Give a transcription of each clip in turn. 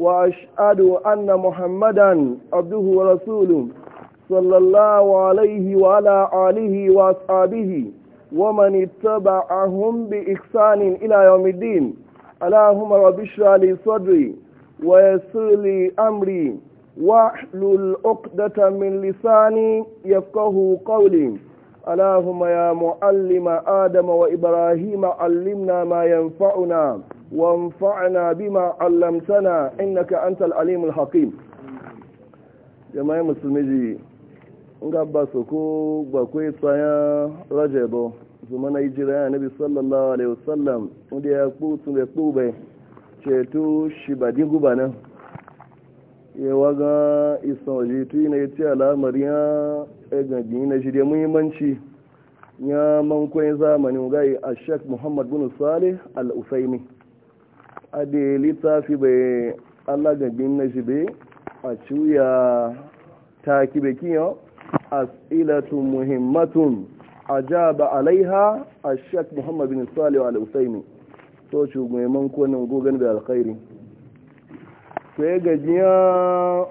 وأشهد أن محمدا عبده ورسوله صلى الله عليه وعلى آله وأصحابه ومن اتبعهم بإحسان إلى يوم الدين اللهم رب اشرح لي صدري ويسر لي أمري واحلل عقدة من لساني يفقه قولي اللهم يا معلم آدم وإبراهيم علمنا ما ينفعنا وانفعنا بما علمتنا إنك أنت العليم الحكيم جماعة مسلمي nga ba su ko ba tsayan rajabo zuma na hijira ya nabi sallallahu alaihi wasallam inda ya kutu da kube ceto shi ba di guba nan ya waga isan waje tu na ya ce alamar ya gaji na shi muhimmanci ya mankwai zamanin gai a shek muhammad bin salih al-usaimi ade littafi bai Allah gabin na shi bai a cuya kibe kiyo as'ilatun muhimmatun ajaba alaiha shek muhammad bin salih al-usaimi so shugaban konin gogan da alkhairi Kai gajiya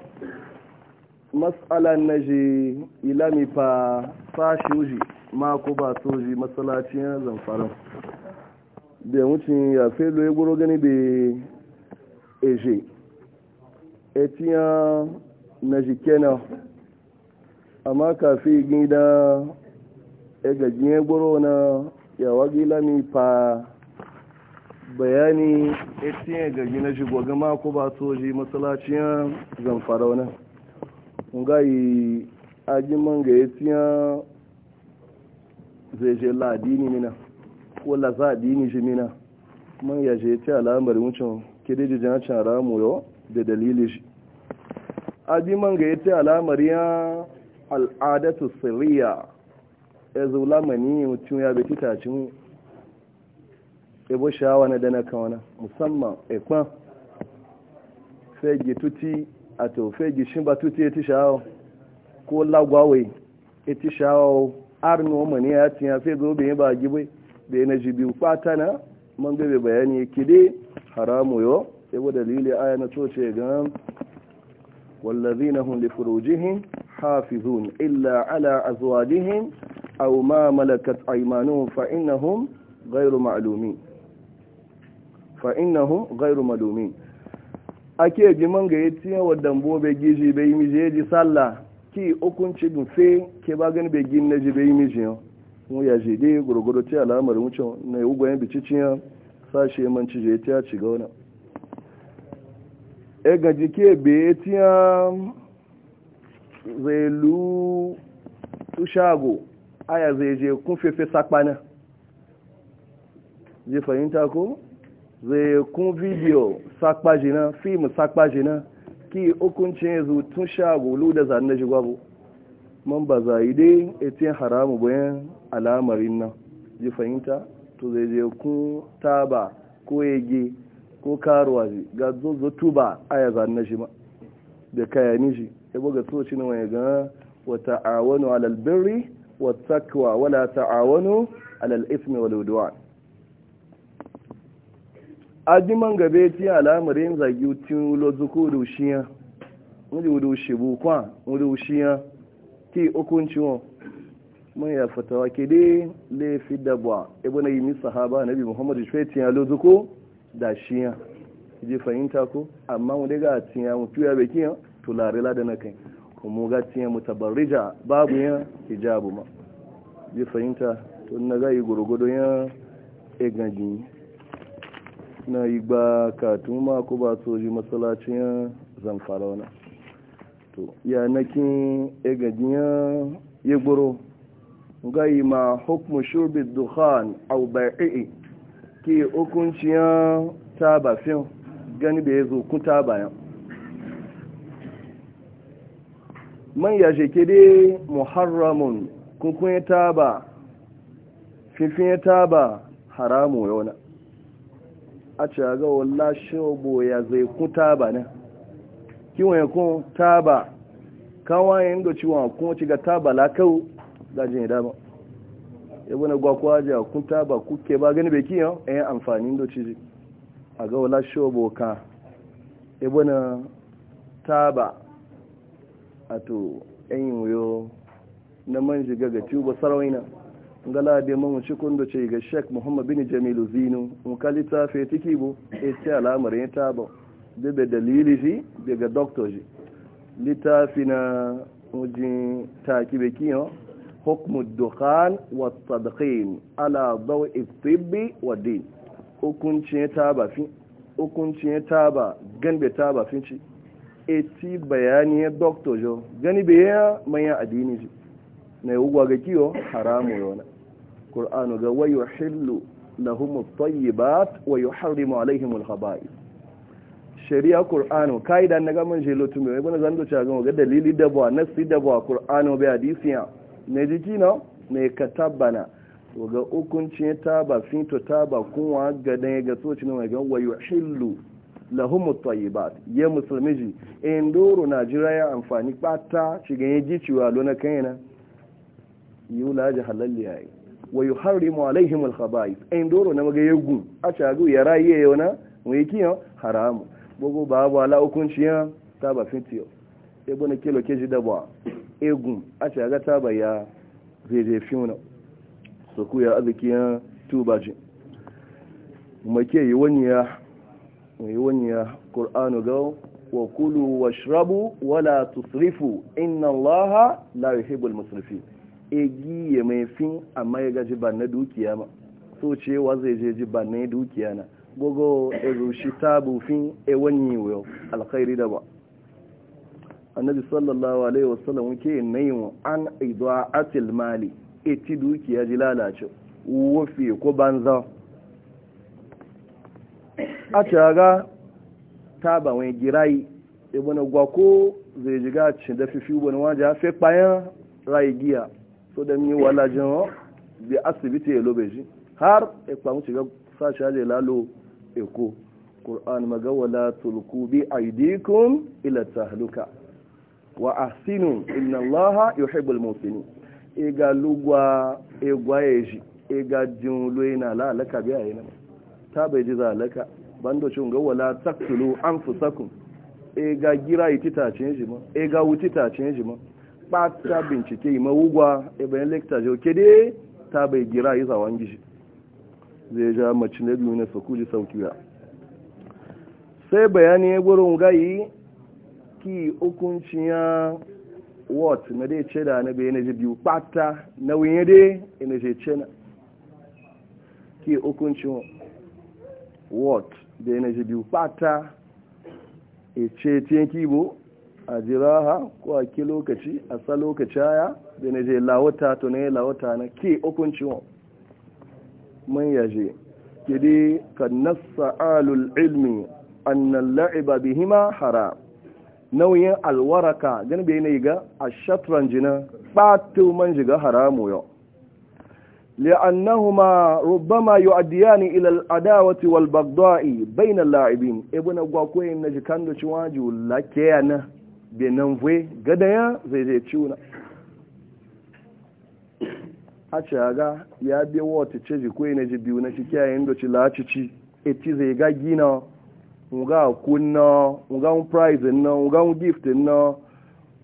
matsalan na shi ilami fa uji ma ku ba soji matsalacin zamfaran da wucin ya lo egboro guro eze da eje etiya na jikena amma fi gida ya gajin ya guro na yawa gila mi fa bayani etiya gaji na shigo gama ko ba soji matsalaciyar zamfarauna nga ajiman ga etiya zai je ladini mina wala za a dini jimina man ya je ta alamar wucin kiriji jan can ramu yau da dalili shi ji man ga ta alamar ya al'adatu siriya ya zula mani mutum ya bai titacin ebo shawa na dana kawana musamman ekwan fegi tuti a to fegi shimba tuti ya ti shawa ko lagwawai ya ti shawa arnuwa mani ya tiya fegi obin ba gibai bai na ji biyu na man bai bayani kide haramu yau yabo dalili aya na toce ga wallazina hum li furujihim hafizun illa ala azwajihim aw ma malakat aymanuhum fa innahum ghayru ma'lumin gairu innahum ake ji man ga tiyan wadda dambo giji miji ya ji sallah ki hukunci dun fe ke ba gani na ji miji yau mu ya je dai gurguru ta alamar wucin na yi gwayen biciciya sashe man cije ta ci ga wani e ga jike be tiya zai lu tu shago aya zai je kun fefe sakpana zai fahimta ko zai kun video sakpa jina film sakpa jina ki hukuncin yanzu tun shago lu da zanen jigwabo man ba za yi dai etin haramu bayan alamarin nan ji fahimta to zai je kun taba ko yage ko karuwa ji ga zozo tuba a ya zane shi ma da kaya ni shi ya buga soci na wani gana wa ta'awanu alal birri wa takwa wala ta'awanu alal ismi wal udwan man gabe ti alamarin zagi tun lozuku zuku dushiya wuri wuri shi bukwa wuri wuri ki hukunci wa mun ya fatawa ke dai laifi da ba ibu na yi mi sahaba nabi muhammadu shi ya lozu ko da shi ya ji fahimta ko amma mu daga a tiya mu tuya bai kiyan tulare lada na kai kuma ga tiya mu tabarija babu ya hijabu ma je fahimta tun na ga yi gurgudu ya egaji na yi ba katuma ko ba soji masalacin zamfara wani to ya nakin egadiyan ga yi ma hukmu shubi dukhan au bai'i ki hukunciyan taba fin gani da ya zo kun taba yan man ya sheke dai muharramun kunkun ya taba fifin ya taba haramu yau na a ce ga obo ya zai kuta ba na kiwon kun taba kawayen da ciwon kuma ci ga taba lakau gajin da ba yabo na gwa kwaja kun taba kuke ba gani bai a yan eh, amfani da ci a ga wala shobo ka yabo na taba a to yin wuyo na man shiga ga tuba sarawaina ngala da mun shi kun da ce ga Sheikh Muhammad bin Jamilu Zinu mun kalita fe tikibo e ce alamar ya taba bebe dalili shi daga doktor shi littafi na wajen takibe kiyon hukumu dukkan wa sadaqin ala zawo ifibbi wa din hukuncin taba fi hukuncin taba ganbe taba fin ci eti bayani doktor jo gani bayan manyan adini ji na yi ugwa ga kiyo haramu yana ƙur'anu ga wayo hillu lahumu tayyibat wa yuharrimu alaihimul haba'is shari'a qur'ano kaida na shi man mai wani mai gona a cha ga dalili da ba nasi da ba ƙur'ano bai hadisiya na jiki na ne katabana to ga hukunci ta ba fito ta ba kunwa ga dan ga soci ne ga wayo hillu lahum at-tayyibat ya musulmi ji in doro jira ya amfani bata shiga ya ji ciwa lona kaina yula ji halalli yayi wa yuharrimu alaihim al-khaba'ith in doro na maga yagu a chagu ya rayi yona mu yi kiyo haramu gbogbo ba ba la hukunci ya ta ba fitiyo sai bane kilo keji da ba egun a ce ga ta ba ya zai fiuna so ku ya aziki ya tuba ji make yi wani ya yi wani ya qur'anu ga wa kulu washrabu wala tusrifu inna allaha la yuhibbul musrifin egi ya mai fin amma ya gaji ba na dukiya ma so wa zai je ji ba na dukiya na gogo ezushi ta bufin ewanyi wa alkhairi da ba annabi sallallahu alaihi wasallam wuke nayin an idaatil mali eti dukiya ji lalace wofi ko banza a caga ta ba wani girai ibana gwako zai jiga cin da fifi wani waje ya fi bayan rai giya so da mi wala jin bi asibiti ya lobe shi har ikpa mu shiga sashi hajji lalo eko ƙur'an magawala tulku bi aidikun ila tahluka wa ahsinu inna allaha yuhibbul muhsinin ega lugwa egwa eji ega jin loina e la alaka bi ayina e ta bai ji zalaka bando cin ga wala taqtulu anfusakum ega gira itita cin jima ega wutita cin jima ba ta bincike ma wugwa e bayan lecture jo kede ta bai gira yi zawan gishi zai ja mace na biyu na sukuji saukiya sai bayani ya gurin gayi ki hukuncin ya wat na dai ce da na bayan ji biyu bata na winye dai ina ce ce na ki hukuncin wat da ji biyu bata e ce tiyan kibo a jiraha ko a ki lokaci a sa lokaci haya da yana lawata to na lawata na ki hukuncin wat man yaje kidi kan nasa alul ilmi anna la'iba bihima haram nauyin alwaraka gani bai ne ga ashatran jina batu man jiga haramu yau li'annahuma rubbama yu'addiyani ila al-adawati wal baghdai bayna al-la'ibin ibn gwakoyin naji da ciwaju lakeyana benan vwe gadaya zai zai ciuna a ci aga ya biya wata ce ji kwai na ji biyu na cikin yayin da ci lacici eti zai ga na nga kunna nga un prize na nga un gift na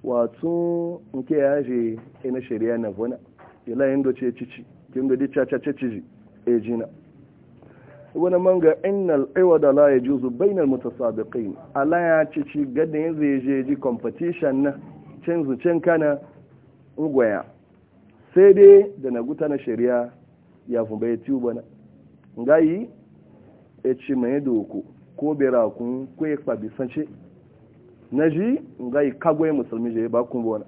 wato nke ya je ina ya na bona ila yin ndochi cici kin da dicha cha cici e wani manga innal iwada la yajuzu bainal mutasabiqin ala ya cici gadin zai je ji competition na cin zucin kana ugwaya sai dai da na guta na shari'a ya fumba ya tiyo bana ngayi e ci mai doku ko bera kun ko ya kwabi sanci na ji ngayi kagwai musulmi je ba kun bona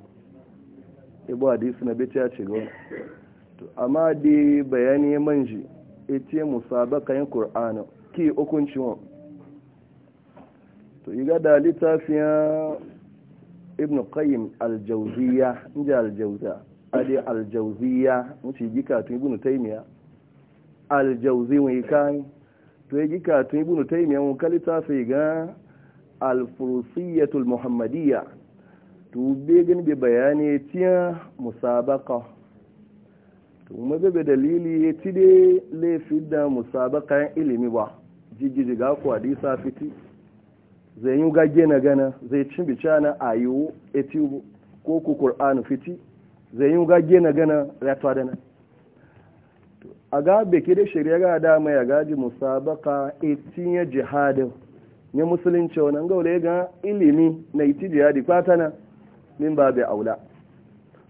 ibu hadisi na bece ya ce gona amma da bayani ya manji ita musabaka yin ƙur'ana ki hukunci wa to iga da littafiyan ibn qayyim aljauziya inji aljauziya ali aljauziya wuce gika tun ibn taymiya aljauzi wani kan to ya gika tun ibn taymiya mun kalita sai ga alfursiyatul muhammadiyya to be gani be bayani tiya musabaqa to mu be dalili ya ti de le fidda musabaqa ilimi ba jijiji ga ku hadisa fiti zai yi gage na gana zai cin bicana ayu etibu ko ku qur'anu fiti zai yi ga gena gana ratuwa da nan a ga beke da shari'a ga dama ya gaji musabaka itin ya jihadin ya musulunci wani gaule ga ilimi na iti jihadi kwatana min ba bai aula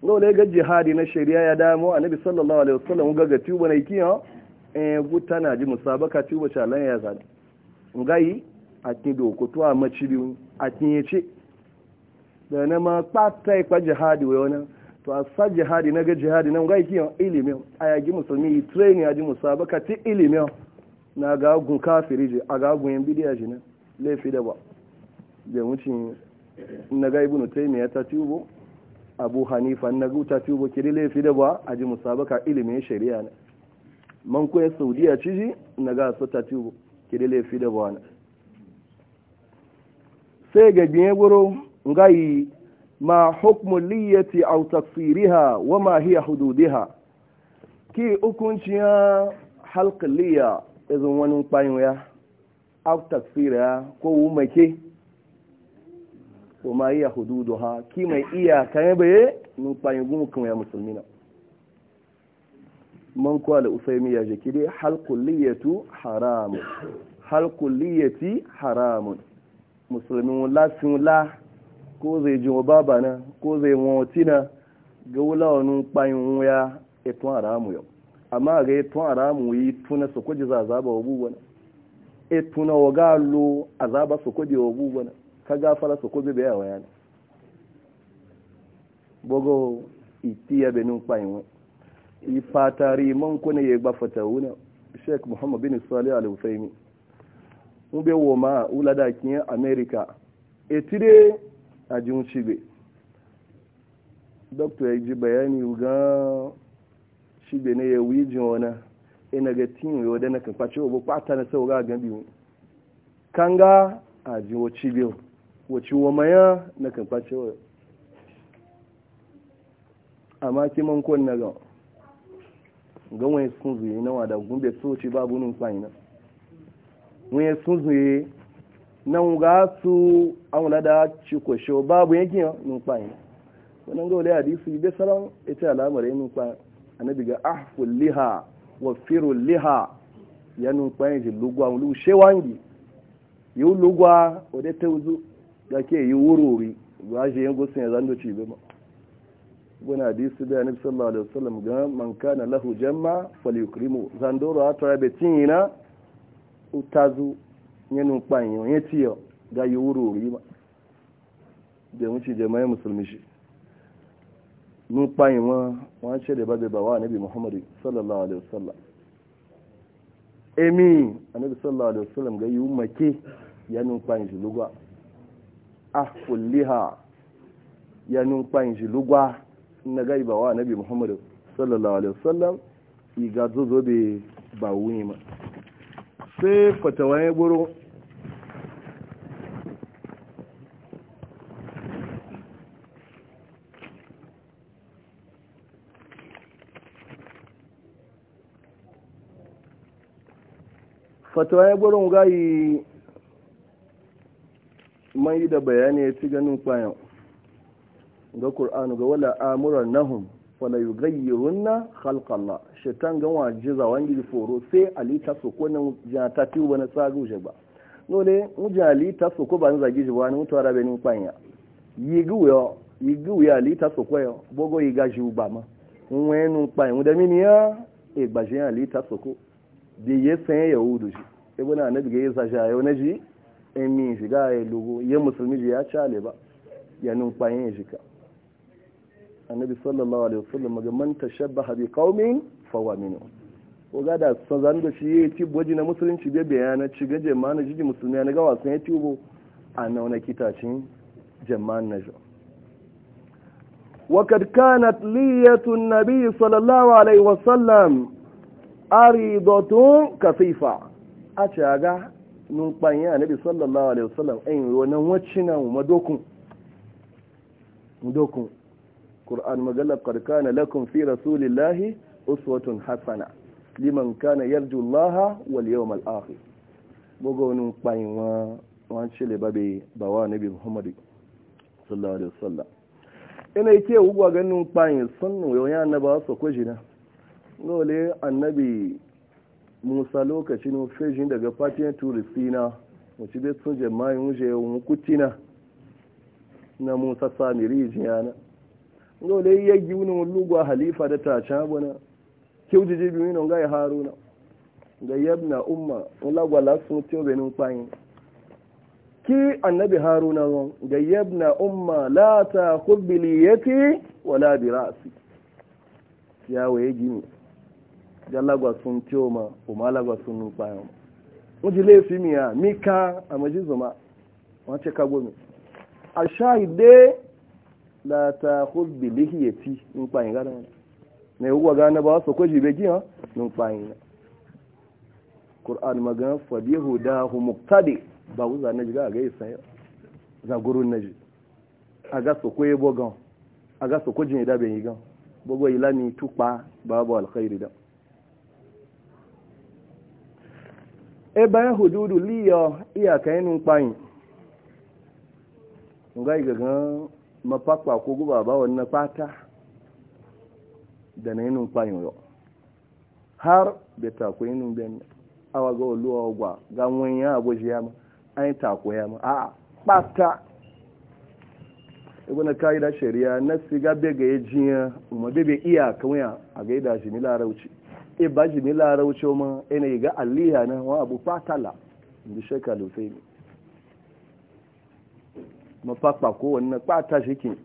gaule ga jihadi na shari'a ya damu nabi sallallahu alaihi wasallam ga ga tuba na ikiya eh gutana ji musabaka tuba shalan ya zada ngai atin do ko to a a atin yace da na ma pata kwa jihadi wayo nan to a jihadi na ga jihadi na ngai kiyan ilimin a yagi musulmi yi training a ji musabaka ti ilimin na ga gun kafiri je a ga gun yan bidiya ji na laifi da ba da wucin na ga ibnu ya ta tubo abu hanifa na guta tubo kiri laifi da ba a ji ka ilimin shari'a na man koyar saudiya ciji na ga su ta tubo kiri laifi da ba na sai ga biye wuro ngai ma hukmun liyati au tafsiriha wa ma hiya hududiha ki hukunciya halka liya izin wani kwayin ya au tafsiriha ko wumake wa ma hiya hududuha ki mai iyaka ya baye nun kwayin kuma ya musulmina man kwale usaimi ya jiki dai liyatu haramun liyati haramun musulmin la ko zai ji wa baba na ko zai mawati na ga wula wani kpayin ya etun haramu yau amma ga etun haramu yi tuna su kwaji za zaba wa buwa na etuna wa galo a zaba su kwaji wa buwa na ka gafara su kwaji bai yawa yana bogo itiya benin kpayin wa ifatari man kuna ya gbafata wuna sheik muhammad bin salih al-husaini mu bai wo ma wula da kiyan america e a ji wuce be ji bayani ga shi na ne ya wijin wani ina ga tin yau da na kan kwace wa bukata na sau ga gan biyu kan ga a ji wace biyu wace wa maya na kan kwace wa amma kiman kwan na ga gan wani sun zuye na wada gumbe so ce babu nun kwanye na wani sun zuye nan ga su an da ci kwashe babu yankin numfayin wannan ga wale hadisi bai salon ita alamar yin numfayin annabi ga ahful liha wa firul liha ya numfayin ji lugwa lu wangi yau lugwa wadda ta wuzu da ke yi wurori ba shi yin gusin ya zando ci bima wani hadisi bai annabi sallallahu alaihi wasallam ga man kana lahu jamma falyukrimu zandoro a tarabetin na utazu nínú pa èèyàn yẹn tí ọ ga yi wuro riba da wuce jama'i musulmi shi nu kpanyo wọn wọn ce ṣẹlẹ ba da bawa anabi muhammad sallallahu alayhi wa sallam emi anabi sallallahu alayhi wa sallam ga pa yi make yanu kpanyo shi lugwa akulliha yanu kpanyo shi lugwa na gai bawa anabi muhammad sallallahu alayhi alaihi wasallam iga zozo bẹ bàwú yìí ma sai fatawaye buru fatawaye buru gayi mai da bayani ya ci ganin kwayan ga ƙur'anu ga wala amuran nahun wala yi gayyarun shaitan gan waje zawon gidi foro sai alita soko na ta tiwo bana tsaga shi ba nole wuce alita soko ba ni zagi shi ba ni mutuwa rabe ni kwanya yi guyo yi guyo alita soko yo bogo yi gashi ba ma nwe nu kwanya wuda mini ya e gbashi alita soko bi ye ya yahudu shi ebe na anabi e ga yasa sha yau na ji emi shiga ya lugu ye musulmi ji ya chale ba ya nu kwanya ya shika annabi sallallahu alaihi wasallam ga manta tashabbaha bi qaumin fawa mini ko ga da zan da shi ya ci gwaji na musulunci bai bayana ci ga na jiji musulmi na ga wasan ya tubo a nauna kitacin jama'an na jo وقد كانت لية النبي صلى الله عليه a عريضة كثيفة أتشاغا a nabi sallallahu alaihi wasallam ayin wannan wacce na madokun madokun qur'an magalla qad kana lakum fi rasulillahi uswatun hasana liman kana yarju allaha wal yawmal akhir bogo nun payin wa wan chele babe bawa nabi muhammad sallallahu alaihi wasallam ina yake ugwa ganin payin sunnu yau ya annaba so ko jina dole annabi musa lokacin fejin daga fatiyan turistina ci bai sun jama'in wuce mu kutina na musa samiri jiyana dole ya yi wani lugwa halifa da ta cabana kewjiji bi mino ngai haruna ga yabna umma wala wala sun tiyo be nun ki annabi haruna gon ga yabna umma la ta khubiliyati wala bi ra'si ya waye gini jalagwa sun o ma lagwa sun nun lefi mi ya mi mika a ma ce ka gomi a ide la ta khudbiliyati nun gara garan na yi gane ba su kwaji bai giya numfayin na ƙur'an magana huda da humuktade ba wuza na ga a gai za guru na ji a ga su kwaye bogon a ga su ne da bai yi gan bogon ilami tukpa babu alkhairi da e bayan hududu liya iyaka yi numfayin ga igagan mafakwa ko guba ba wannan fata da na yinu fayin yau har da takwai nun ben awa ga oluwa ogwa ga wani ya abuji ya ma an yi takwai ya ma a ɓata ibina ka'ida shari'a na siga bega ya jiya ma bebe iya kawai a gaida shi ni larauci e ba shi ni larauci ma ina ga alliya na wa abu fatala inda shekaru sai ne mafafa kowanne ɓata shi ke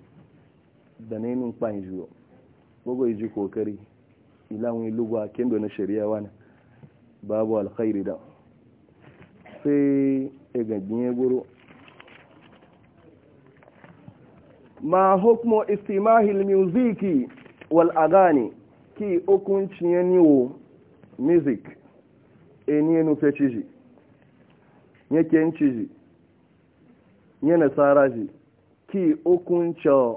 da na yinu fayin yau bugu ji kokari ilawun lugwa kendo na shari'a wani babu alkhairi da sai egagin ya guru ma hukmo istimahil muziki wal agani ki okunci ya niwo music eni nufe ciji yake ciji yana tsara ji ki okunci ya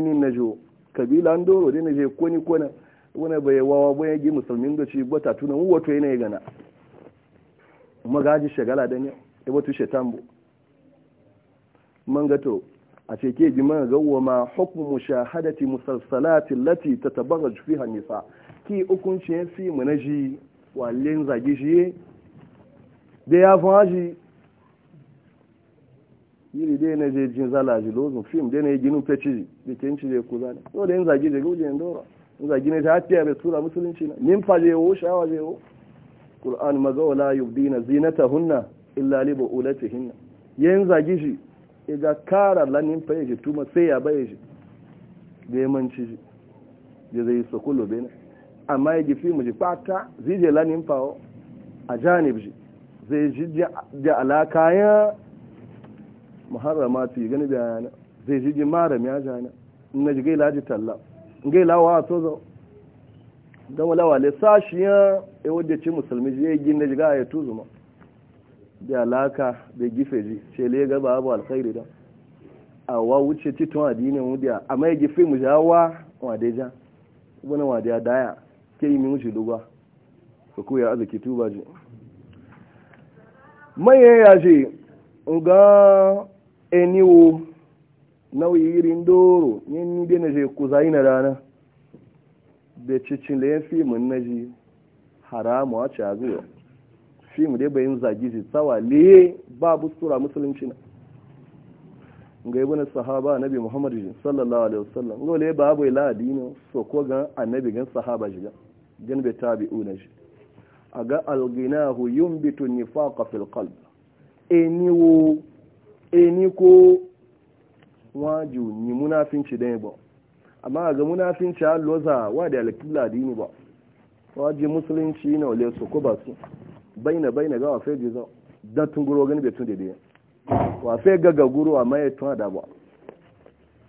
ni na jo kabila an doro dina na je koni kona wani bai wawa bai gi musulmin da shi bata tuna wato yana ya gana magaji shagala da ne ya wato shaitan bu man a ce ke ji mana gawo ma hukumu shahadati musalsalati lati ta tabaga jufi hannisa ki hukunci fi ji wallen zagi shi da ya haji yiri dai na je jin zala ji lozun fim dai na yi ginin feci da kenci da kuza ne so da yin zagi da dora ndora in zagi ne ta hafiya da tura musulunci na nimfa je wo shawa je wo qur'an maza wala yubdina zinatahunna illa li bu'ulatihinna yin zagi shi iga kara la nimfa je tuma sai ya baye shi da yamanci shi da zai sakulo bene amma ya gifi mu ji fata zije la nimfa a janib shi zai ji da alaka ya muharrama ti gani da yana zai ji maram ya na ji gai ji talla don wala wale sashiya e wadda ce musulmi je gi na ji ga ya tuzuma da alaka da gife ji ce le ga ba abu alkhairi da awa wuce titon addinin wudiya amma ya gife mu wadeja wani wadeja daya ke yi min wuce tuba ji ya ga eniwo nauyi irin doro yin ni na je ku zai rana da cicin da ya fi mun na ji haramu a cazuwa fi mu dai bayin zagi ji tsawale. babu sura musulunci na ga yi wani sahaba nabi muhammad ji sallallahu alaihi wasallam ga le babu ila adini so ko ga annabi gan sahaba ji gan bai tabi'u na ji a ga alginahu yumbitu nifaqa fil qalb eniwo e ko waju ni munafinci dai ba amma ga munafinci alloza wa da alkibla dini ba waje musulunci na wale su ko ba su baina baina ga wafe jizo da tunguro gani bai tun daidai wafe gaga guru amma ya tun da ba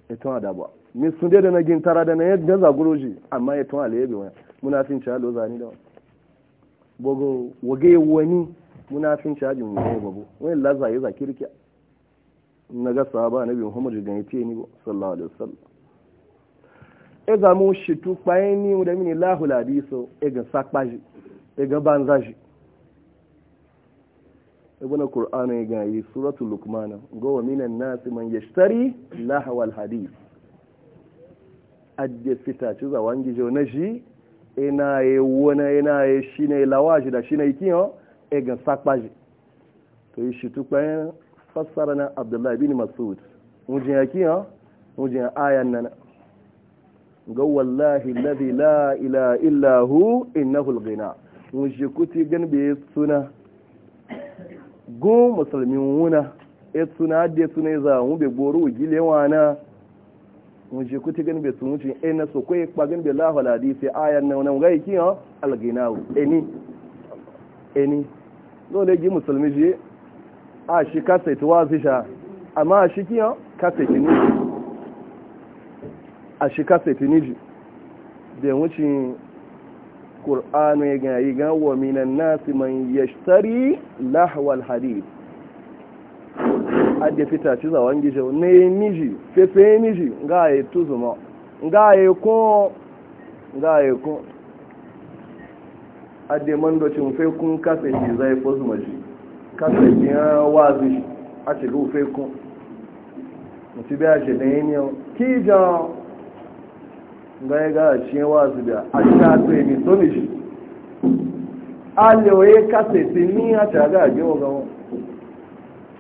ya tun da ba ni sun da na Gintara da na yadda za guru ji amma ya tun alaye bai munafinci alloza ni da bogo wage wani munafinci ajin ne babu wani laza ya za kirkiya na ga na biyu homer ga yace ni sallallahu alaihi wasallam e ga mu shi tu payin ni da mini lahu hadiso e ga sakpaji e ga banzaji ibn e qur'ana ya e ga yi suratu luqman go wa minan nas man yashtari lahu al hadis adde fita ci za wangi jo na shi ina e ye wona ina ye shine lawaji da shine ikiyo e ga sakpaji to yi shi tu payin fassara na abdullahi bin masud mujin ya kiya mujin ayan nan ga wallahi alladhi la'ila illahu inna hulgina innahu alghina kuti gan be suna go musulmi wuna ya suna ya suna za mu be goru gile wana mujin kuti gan be sun mujin e na so kai kwa gan be la hadisi ayan nan nan ga kiya algina eni eni dole ji musulmi je a shi kaseti wazisha amma a shi kiyan kaseti niji a shi kaseti niji da wuce ƙur'anu ya gayi gawo minan nasi man lahawar lahawal a da fita ci zawon gijo yi niji fefe niji ga ya tuzuma ga ya ko ga ya ko adda mandocin fekun kaseti zai fuzuma shi kasa ya wazi a ti rufe kun mutu biya shi da yin yau kija ga ya gara shi wazi biya a shi ta tsaye mai toni shi alewaye ni a ta ga gewa ga wani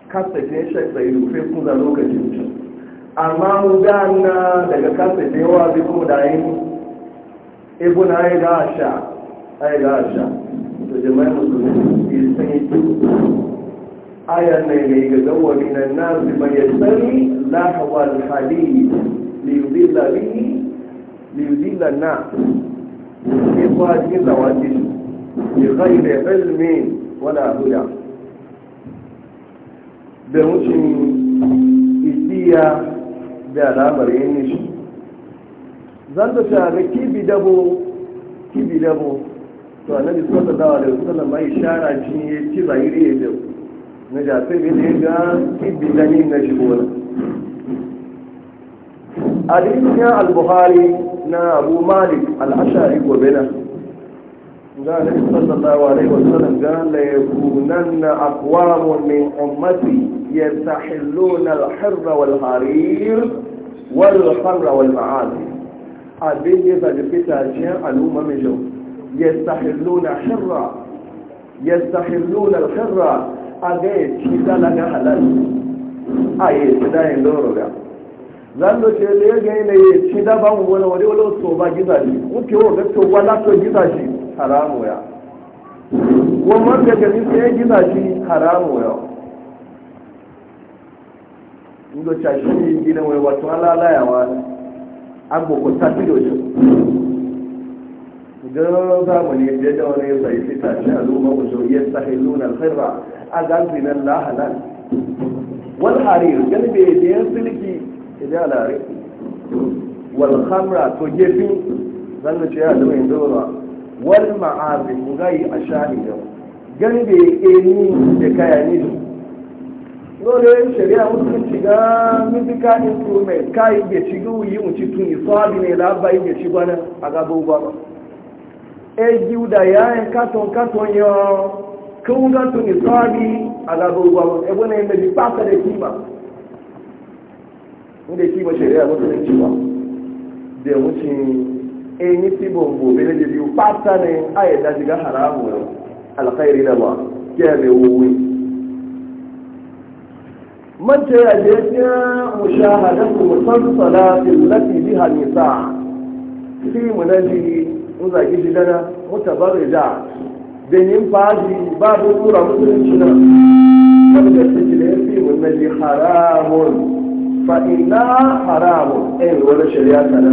kasa ti ya yi rufe kun da lokacin can amma mu gana daga kasa ti wazi kuma da yin ibu na ya ga sha a ya ga sha to jama'i aya ne mai ga zawo min an ya tsari, yastami lahwa al bihi li yudilla ke kwa cikin zawajin bi ghairi ilmin da mutum isiya da alamar yin nishi zan da shara kibi dabo kibi dabo to annabi sallallahu alaihi wasallam mai shara jin ya ci zahiri ya biyu na jafe ne ne ga kibbi dani na shigola hadisin ya al-bukhari na abu malik al-ashari gobe na ga annabi sallallahu alaihi wasallam ga la yakunanna aqwamun min ummati yastahilluna al-hirra wal-harir wal-khamra wal-ma'asi abin ya zaje fitacen al'umma mai jau يستحلون hirra يستحلون hirra a ga ya ci dalaga halal a zan ce da ya gani yana ya ci da mu wani wani wani so ba giza shi wa ga to wala to giza haramu ya wannan da gani sai ya giza ya ndo cha shi gina wai wato ko tafi da don zamani da da wani zai fita shi al'umma wajen yin sahilun alkhairra a gazinan lahalan wal harir galbe da yan silki idan alare wal khamra to zan da ce mai ma'azi a shani ne dole musulunci a ba eji uda yayin e, katon katon ya kun ga tun e, a gaban gwamnati ebe da bi fasa da kiba inda kiba shari'a musulunci ba da wucin ẹni tí bò ń bò bí lẹ́jẹ̀ bí pátá ni ayẹ̀dájú gá na ma kí ẹ bẹ wúwí. Mọ́tẹ́ àjẹ́ tí mo ṣe àdẹ́kùn mọ́tọ́sọ̀lá ìlú láti ìdí hàmì sáà uza gishi dana mutabar da benin faji babu tura musulunci na wadda suke da yafi wannan ji haramun fa'ina haramun ɗin eh, wani shari'a tana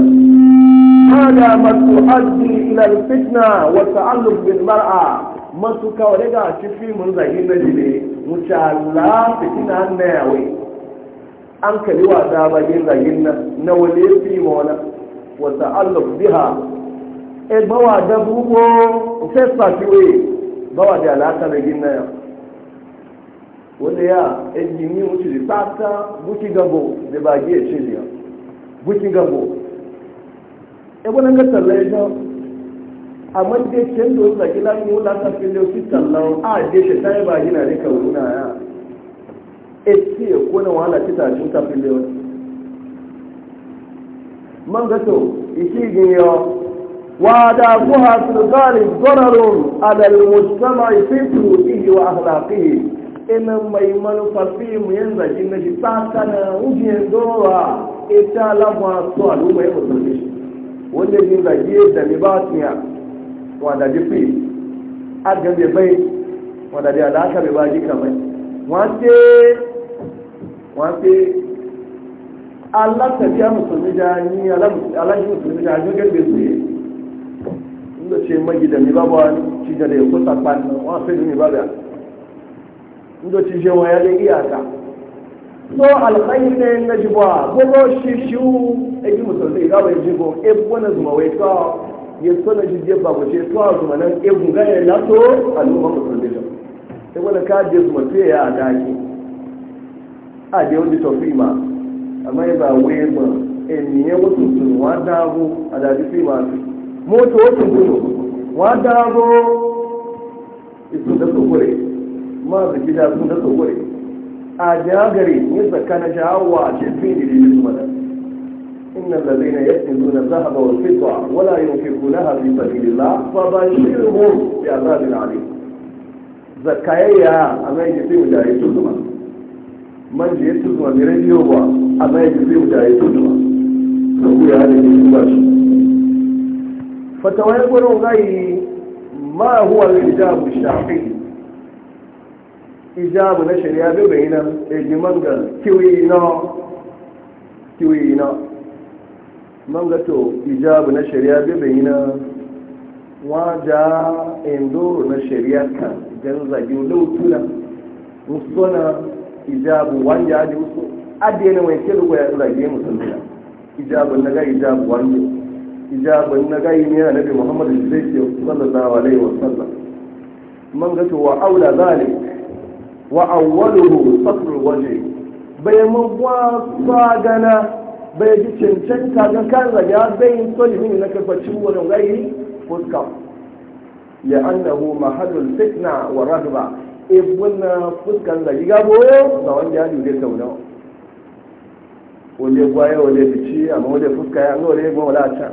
hada masu addi ilal fitna wa ta'alluf bil mar'a masu kawai daga cikin mun zagi na jile mucha la fitina na yawe an wa da yin zagin na na wani fi mawana wa ta'alluf biha ẹgbọ́n wà dá gbogbo fẹ́ pàtiwé báwà dé àlàáta lè gín náà wọ́n lè yà ẹ̀jì ní oṣù tí pátá gúkí gàbò ìdìbò àjẹ́ lè gúkí gàbò ẹgbọ́n náà kẹta lẹ́yìn àmọ́ dé ṣe ń lò ó láti ó láta fi lé oṣù ṣe táyé bá kàwé náà yà náà lé ọ. mọ́ngàtò وآدابها في الغالب ضرر على المجتمع في سلوكه وأخلاقه إن ما يمن فصيم ينزل إن شتاكنا وجه دورا إتا لما الصوال وما يمسلش wanda da libatiya wanda jifi argan bai bai wanda da alaka bai baji kamar wace wace Allah ta biya musulmi jani Allah inda ce magida mi kusa mi babu ya inda ci je wa ya da iyaka so alkhairi ne na jibuwa gogo shi shi e ji musulmi ga bai jibo e bona e zuma wai ka ya na jije ba ko ce to a zuma nan e buga ya lato al'umma musulmi e wala ka zuma to ya e a moto wotu gudu wadago isu da sokore ma su gida sun da sokore a jagari ne zakana jawa a cikin dili su mada inna allazina yasnizuna dhahaba wal fidda wala ke yunfiqunaha fi sabilillah fa bashirhum bi azabin alim zakayya amai ji fi mujahid tuzuma man ji tuzuma mi radio ba a amai ji fi mujahid tuzuma sabu ya ne ba shi fatawai gudun gai ma huwa hijabu shafi hijabu na shari'a bai bai nan ejiman ga kiwi na kiwi na man ga to hijabu na shari'a bai bai nan waja indoro na shari'a kan gan zagi lautuna musona hijabu wanda ya ji musu adiyana mai kirgwa ya zage musulmi hijabu na ga hijabu wanda ijaban na gayi ne nabi muhammad zai ke sallallahu alaihi wa sallam man ga to wa aula zalik wa awwaluhu satr waje bai man wa sagana bai ji cancanta ga kan zaga bai so ne na kafacin wannan gayi fuska ya annahu mahallul fitna wa rahba ibuna e fuskan zagi gabo yau da wanda ya jure saunawa wale gwaye ya bici amma ya fuska ya ga wale gwa wala can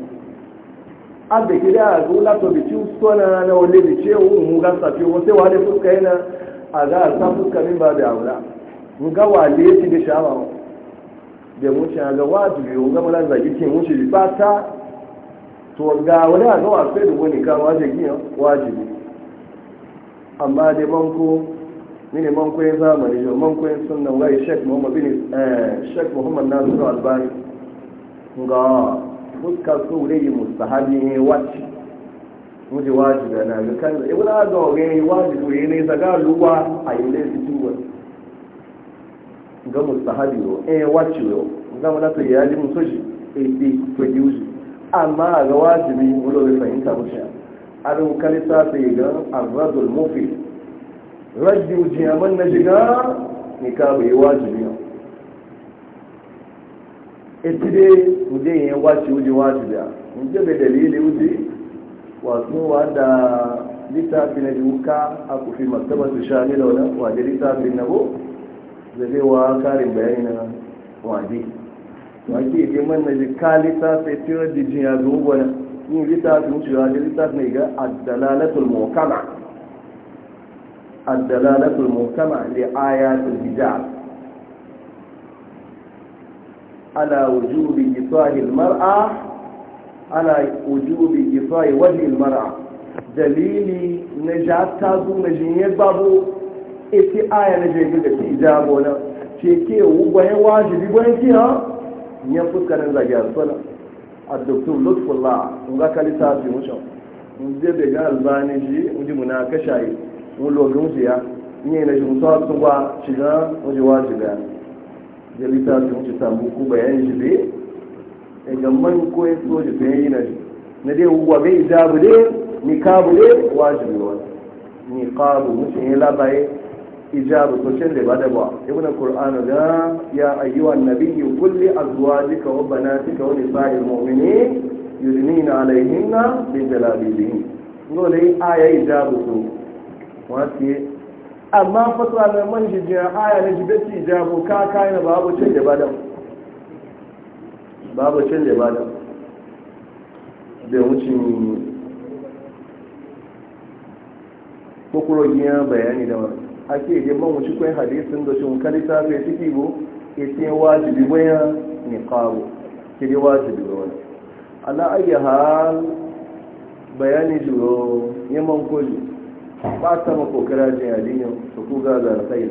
abda gida a zo lato bici suna na wale bice wu mu ga safi wasu wale fuska yana a za a sa min ba da aura mu ga wale ya ci da sha'awa da mu ci ga wajibi mu ga mala zagi ke mu ci ba ta to ga wani a ga wasu da wani ka wajibi wajibi amma dai manko mini manko ya zamani yau manko ya sunna wai shek muhammad bin eh, shek muhammad nasiru albani ga fuskar su ne yi hali ne wacce muje da na ga kan da ibn azza ga yi eh, eh, ne zaga ruwa a yi ne fituwa ga mustahabi yo eh wacce yo, ga mun to ya ji musoji eh bi eh, to yuji amma ga wajibi mulo sai ta mushi arin kalisa sai ga arradul mufid raddi ujiyaman na shiga ni ka bi waji ne eti dai kuje yin wace wuje wace da mun je wa dalili wa wasu lita littafi na duka a kufi martaba su sha ne launa wanda littafi na bo wa karin bayani na wade wake ke man na jika littafi tira jijin ya zo gwana yin littafi wuce wanda littafi ne ga addalalatul mukama addalalatul mukama li ayatul hijab على وجوب غطاء المرأة على وجوب غطاء وجه المرأة dalili na ja ta zo na jinyar babu ita aya na jirgin da ke ijabo na ce ke gwayen wajibi gwayen kiya ya fuskanin zage a tsala a doktor lutfullah in ga kalita fi mushan in je bai ga albani ji in ji muna kashaye in login ya in yi na shi mutuwa sun gwa shiga wajen wajibi da su wuce samu ku bayan shi zai ya eh, gamman ko ya so da sai yana shi na dai wa bai ijabu ne ni kabu dai wajibi wa ni kabu mutu ne labaye ijabu to can da ba da ba ibn qur'an da ya ayyuhan nabiyyu kulli azwajika wa banatika wa nisa'il mu'minin yudnina alayhinna bi jalabibihin ngole aya ijabu to wa ti amma fatwa na man jijiyar aya na jibeti jabu ka kayan babu cin da badan babu cin da badan da wucin kukurogiyar bayani da wani ake yi man wuce kwayan hadisin da shin kalita kai ciki bu ita yin wajibi bayan ne kawo ke dai wajibi ba wani ala ayyahal bayani juro yaman koji ɓata mako jin addinin su kuga da tsaye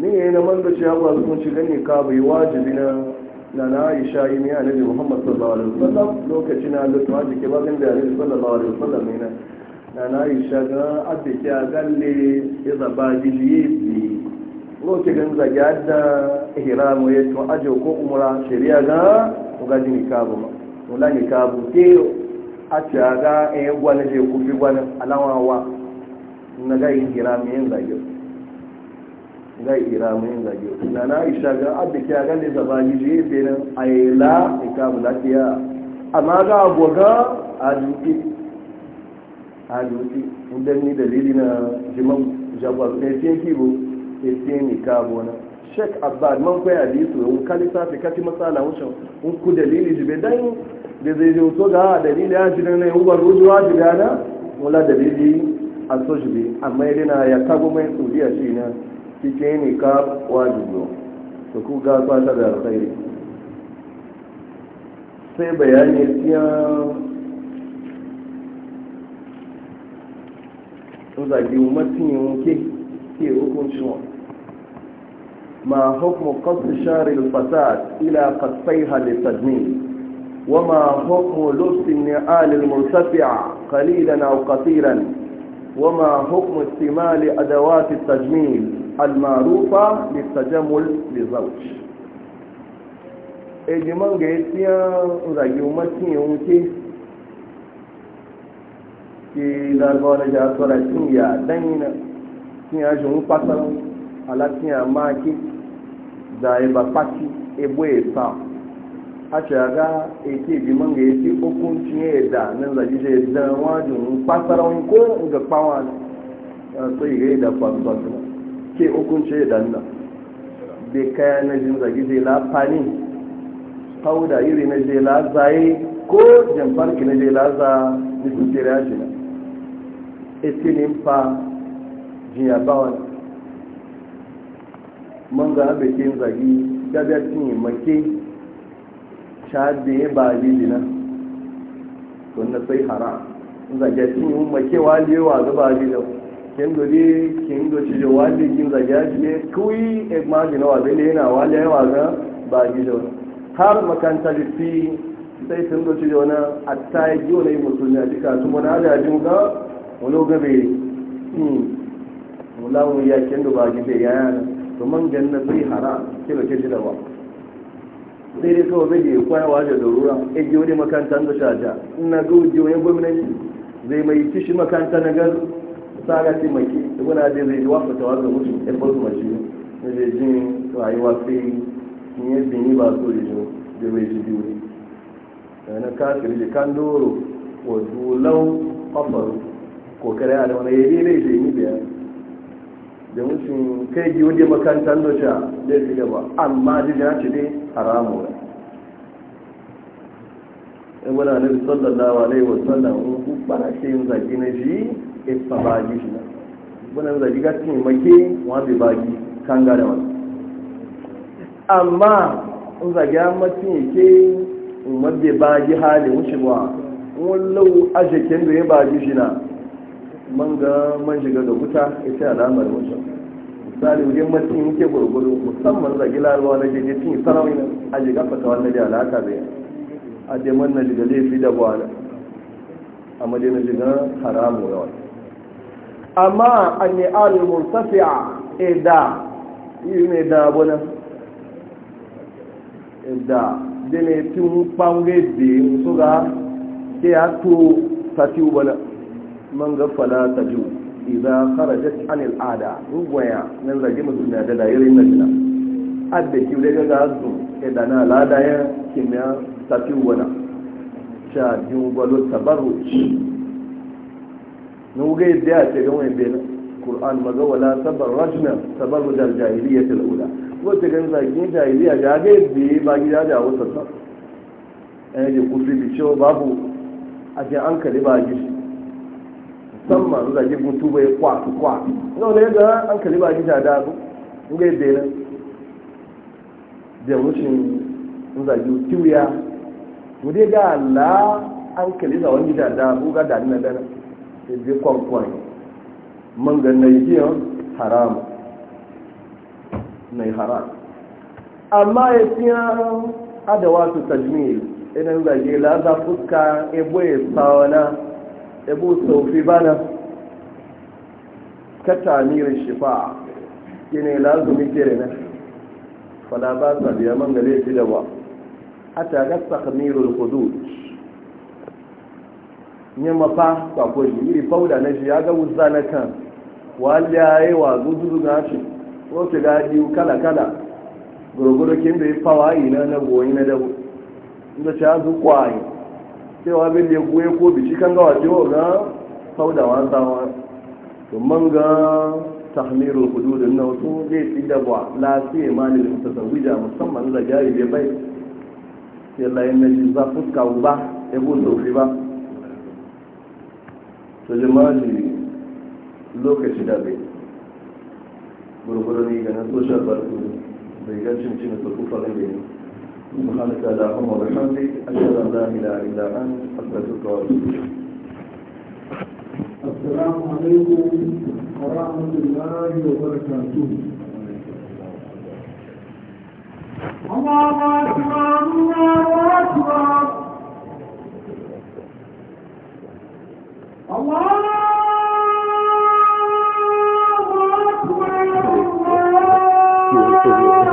ne ya yi na man shi shi su sun shiga ne ka bai wajibi na na aisha yi ne annabi muhammad sallallahu alaihi wasallam lokacin na da a jike ba gan da annabi sallallahu alaihi wasallam ne na na na aisha ga abda a galle ya zaba biliye bi lokacin gan zage adda ihramu ya to ajo ko umra shari'a ga ugaji ni kabu ma mulani kabu teo a ci a ga ɗaya e gwana je kufi gwana alawawa na ga ira mai zage ga ira mai zage na na isha ga abu ki a ga ne zaba ni je be nan a yi la ita e mu lafiya amma ga abuwa a juki a juki inda ni dalili na jiman jagwar ne ce ki bu ete ni ka bona sheik abbad man kwaya hadisu in kalisa fi kati masala wucin in ku dalili jibe dan da zai zai to ga dalili ya shi ne ubar rujuwa shi gana wula dalili a so shi bi amma ya na ya tago mai tsuriya shi na cikin ne ka wajibi su ku ga kwata da alkhairi sai bayani siyan zagi yi wuke ke hukunci wa ma hukumu kasu share fasad ila kasai halittar ne وما حكم لبس النعال المرتفع قليلا أو قصيرا وما حكم استعمال أدوات التجميل المعروفة للتجمل للزوج ejiman ga ya tsiya zagi umarci ya wuce ke lagawa da jasora cin ya danina ya shi wufasar alatin ya maki da ya ba faci ebo ya sa a ga ake bi man ga yake hukuncin yadda nan zaji da yadda wajen kwasarawin ko ga kwawa ihe ga yadda kwasarawin kuma ke hukuncin nna nan bai kaya na jin zagi zai la pani fauda iri na zai la zaye ko jamfarki na zai la za ni su tere ya jina etinin fa jiya bawan man ga abekin zagi gabatin make shaɗe ba jijina wanda sai hara zage cin yi make wale wa zuba ba jijina kin dole kin doci da wale kin zage shi ne kuyi e magina wa zai yana wale wa ga ba jijina har makanta da fi sai sun doci da wani ta yi ji wani musulmi a cika su mana da ji ga wani gabe mulawun hmm, yakin da ba ya yana to man ganna sai hara kilo ke shi da ba sai dai kawai zai yi kwanawa da darura ya ji wani makanta da shaja na ga uji wani gwamnati zai mai ci makanta na gar saga ce maki wani ajiye zai ji wafa tawar da mutu ya fasu mashi na zai ji rayuwa sai in yi bini ba so da jin da mai ji biyu na kafin da kan doro wa dulau kwafaru kokare a da wani yi rai zai yi biya da mutum kai ji wani makanta da shi a fi gaba amma jirgin ce dai haramu ne in wani annabi sallallahu alaihi wasallam in oh, ku bana shi yin zagi na shi ifa ba ji shi na wani zagi gaskin yi make wani bai ba ji kan gada wani amma in zagi an yi ke in mabbe ba ji hali wuce ba wani lau ajikin da ya ba ji shi na man ga man shiga da wuta ita alamar wajen. misali wajen mutum yake gurguru musamman zagi larabawa na jeje cin sarawai na a jiga fata wannan da alaka bai a jeman na jiga laifi da bwana a madina jiga haramu wani. amma an yi alul murtafi'a ida eh, yi ne da abuna ida eh, dene tun kpange de so ga ke ya to tati ubana man ga fala ta jiwu idza kharajat anil al'ada rugwaya nan zage mutum da da yare na jina adda ki da ga azu e da na lada ya kimya tafi wana cha jin gwalo nu ga da ce ga wani bena qur'an maza wala tabarrajna tabarruj al-jahiliyyah al-ula wata gan zage jahiliya da ga bi ba gida da wata sa eh ji kufi bi babu a ce an kare ba gishi musamman zage gutu bai kwa kwa na wani yadda an kari ba gida da abu ngai bena da mushin zage kiwiya mu ga Allah an kari za wani gida da abu ga da na dana sai bi kwan kwan man ga naijiya haram nai haram amma ya tiya adawa su tajmil idan zage la za fuska ebo ya sawana ebu saufi bana ta tamirin shifa ne lazumi kere na fada ba sa biya man gale fi da ba a tagar sakamirul hudud ne mafa kwakwaji iri fauda na shi ya ga wuzza na kan wali ya yi wa zuzu na shi wasu ga biyu kala-kala gurgurukin da ya fawayi na na goyi na dabu inda ta yi cewa bin ya goye ko bishi kan gawa cewa ga saudawa sawa to man ga tahmirul hududin na wasu zai fi da ba lafiya ma ne da musamman da jari bai bai sai layin na shi za fuska ba ya bu zaufi ba to jimaji lokaci da bai gurgurani ga na social barku bai gancin cin da kufa ne أشهد أن لا إله إلا أنت أستغفرك وأتوب السلام عليكم ورحمة الله وبركاته الله أكبر الله أكبر الله أكبر الله